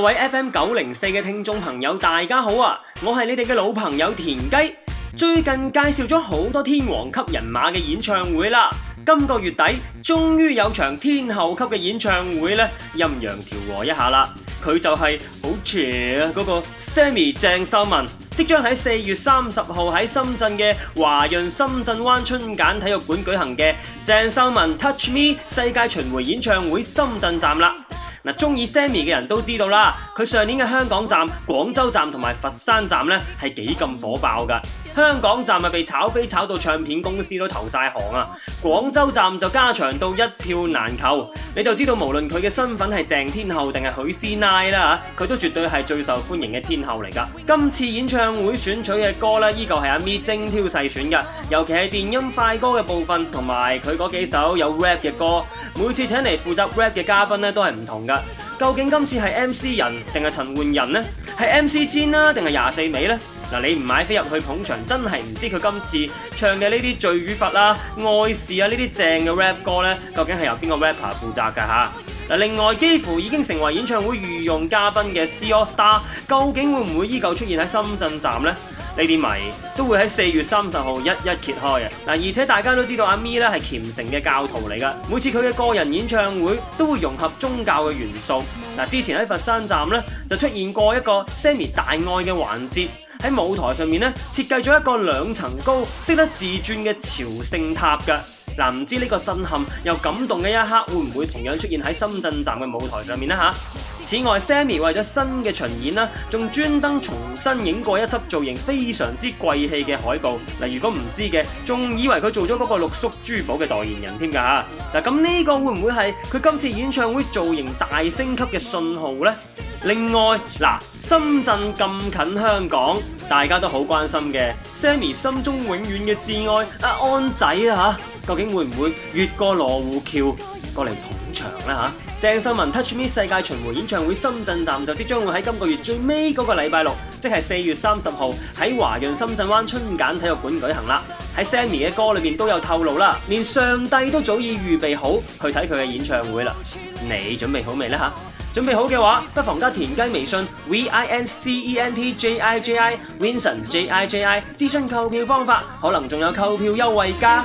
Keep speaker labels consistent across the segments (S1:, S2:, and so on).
S1: 各位 FM 九零四嘅聽眾朋友，大家好啊！我係你哋嘅老朋友田雞，最近介紹咗好多天王級人馬嘅演唱會啦。今個月底終於有場天后級嘅演唱會呢，陰陽調和一下啦。佢就係好邪啊嗰個 Sammy 鄭秀文，即將喺四月三十號喺深圳嘅華潤深圳灣春繭體育館舉行嘅鄭秀文 Touch Me 世界巡迴演唱會深圳站啦。嗱，中意 Sammi 嘅人都知道啦，佢上年嘅香港站、廣州站同埋佛山站咧，係幾咁火爆㗎。香港站咪被炒飛，炒到唱片公司都投晒行啊！廣州站就加長到一票難求，你就知道無論佢嘅身份係鄭天后定係許師奶啦，佢都絕對係最受歡迎嘅天后嚟噶。今次演唱會選取嘅歌呢，依舊係阿咪精挑細選噶，尤其係電音快歌嘅部分，同埋佢嗰幾首有 rap 嘅歌，每次請嚟負責 rap 嘅嘉賓呢，都係唔同噶。究竟今次係 MC 人定係陳奐仁呢？係 MC 堅啦定係廿四味呢？嗱，你唔買飛入去捧場，真係唔知佢今次唱嘅呢啲《罪與罰》啦，《愛是》啊呢啲正嘅 rap 歌呢，究竟係由邊個 rapper 負責嘅嚇？嗱，另外幾乎已經成為演唱會御用嘉賓嘅 C All Star，究竟會唔會依舊出現喺深圳站呢？呢啲謎都會喺四月三十號一一揭開嘅嗱。而且大家都知道阿 Mi 咧係虔誠嘅教徒嚟噶，每次佢嘅個人演唱會都會融合宗教嘅元素嗱。之前喺佛山站呢，就出現過一個 Sammi 大愛嘅環節。喺舞台上面咧，設計咗一個兩層高、識得自轉嘅朝聖塔噶，嗱，唔知呢個震撼又感動嘅一刻會唔會同樣出現喺深圳站嘅舞台上面咧吓？此外，Sammy 為咗新嘅巡演啦，仲專登重新影過一輯造型非常之貴氣嘅海報。嗱，如果唔知嘅，仲以為佢做咗嗰個六叔珠寶嘅代言人添噶吓。嗱，咁呢個會唔會係佢今次演唱會造型大升級嘅信號呢？另外，嗱，深圳咁近香港，大家都好關心嘅，Sammy 心中永遠嘅摯愛阿安仔啊，究竟會唔會越過羅湖橋過嚟捧場呢？吓？鄭秀文 Touch Me 世界巡迴演唱會深圳站就即將會喺今個月最尾嗰個禮拜六，即係四月三十號喺華潤深圳灣春繭體育館舉行啦。喺 Sammy 嘅歌裏面都有透露啦，連上帝都早已預備好去睇佢嘅演唱會啦。你準備好未呢？吓？準備好嘅話，不妨加田雞微信 VincentJijiVincentJiji 諮詢購票方法，可能仲有購票優惠價。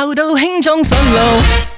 S1: 後到輕裝上路。